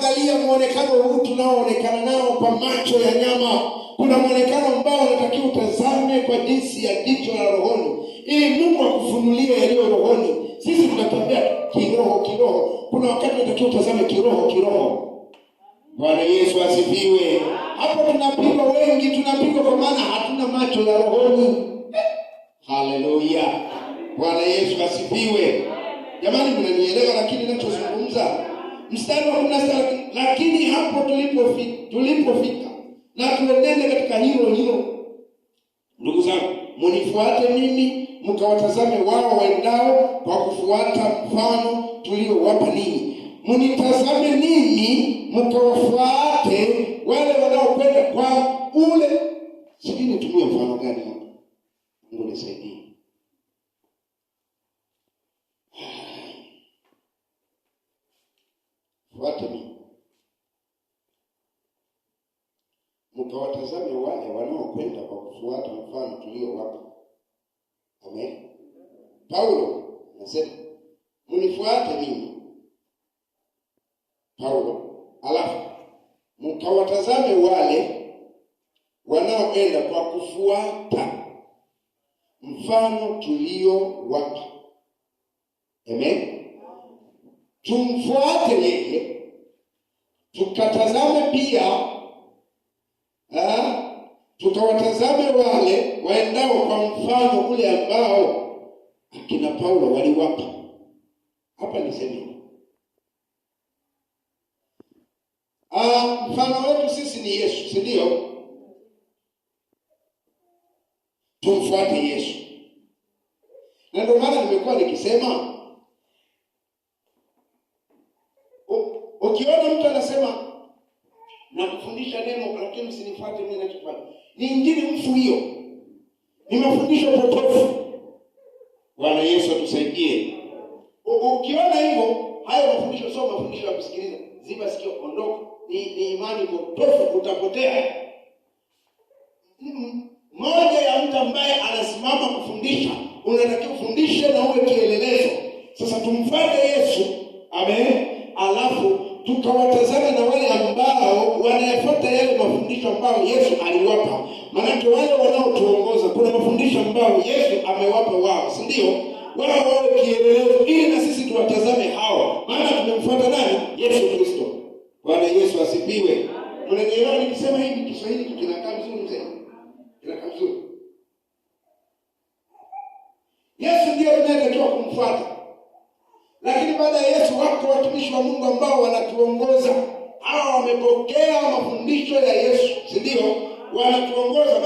kuangalia mwonekano huu tunaoonekana nao kwa macho ya nyama. Kuna mwonekano ambao unatakiwa utazame kwa jinsi ya jicho la rohoni, ili Mungu akufunulie yaliyo rohoni. Sisi tunatembea kiroho kiroho, kuna wakati unatakiwa utazame kiroho kiroho. Bwana Yesu asifiwe. Hapo tunapigwa wengi, tunapigwa kwa maana hatuna macho ya rohoni. Haleluya, Bwana Yesu asifiwe. Jamani, mnanielewa? Lakini mstari wa kumi na saba lakini hapo tulipofika tulipofika na tuendele katika hilo hilo. Ndugu zangu, munifuate mimi, mkawatazame wao waendao kwa kufuata mfano tuliowapa ninyi. Munitazame ninyi, mkawafuate wale wanaokwenda kwa ule. Sijui nitumie mfano gani hapa, Mungu nisaidie. Fuate mimi, mkawatazame wale wanaokwenda kwa kufuata mfano tuliowapa. Amen. Paulo anasema mnifuate mimi, Paulo, alafu mkawatazame wale wanaoenda kwa kufuata mfano tulio wapa. Amen tumfuate yeye, tukatazame pia ha? tukawatazame wale waendao kwa mfano ule ambao akina Paulo waliwapa. Hapa niseme ah, mfano wetu sisi ni Yesu, si ndio? Tumfuate Yesu, na ndio maana nimekuwa nikisema Ukiona mtu anasema nakufundisha neno lakini msinifuate mimi nachofanya ni injili mfu hiyo, nimefundisha potofu. Bwana Yesu atusaidie. Ukiona hivyo, hayo mafundisho sio mafundisho ya kusikiliza, ziba sikio, ondoka. Ni, ni imani potofu, utapotea. Mmoja ya mtu ambaye anasimama kufundisha, unatakiwa kufundishe na uwe mafundisho ambayo Yesu aliwapa. Maanake wale wanaotuongoza, kuna mafundisho ambayo Yesu amewapa wao, si ndio? Wao wawe kielelezo, ili na sisi tuwatazame hawa maana tumemfuata nani? Yesu Kristo. Bwana Yesu asifiwe. Unanielewa nikisema hivi? Kiswahili kinakaa vizuri, mzee, kinakaa vizuri. Yesu ndiye tunayetakiwa kumfuata, lakini baada ya Yesu wako watumishi wa Mungu ambao wanatuongoza hao wamepokea mafundisho ya Yesu, si ndio? Wanatuongoza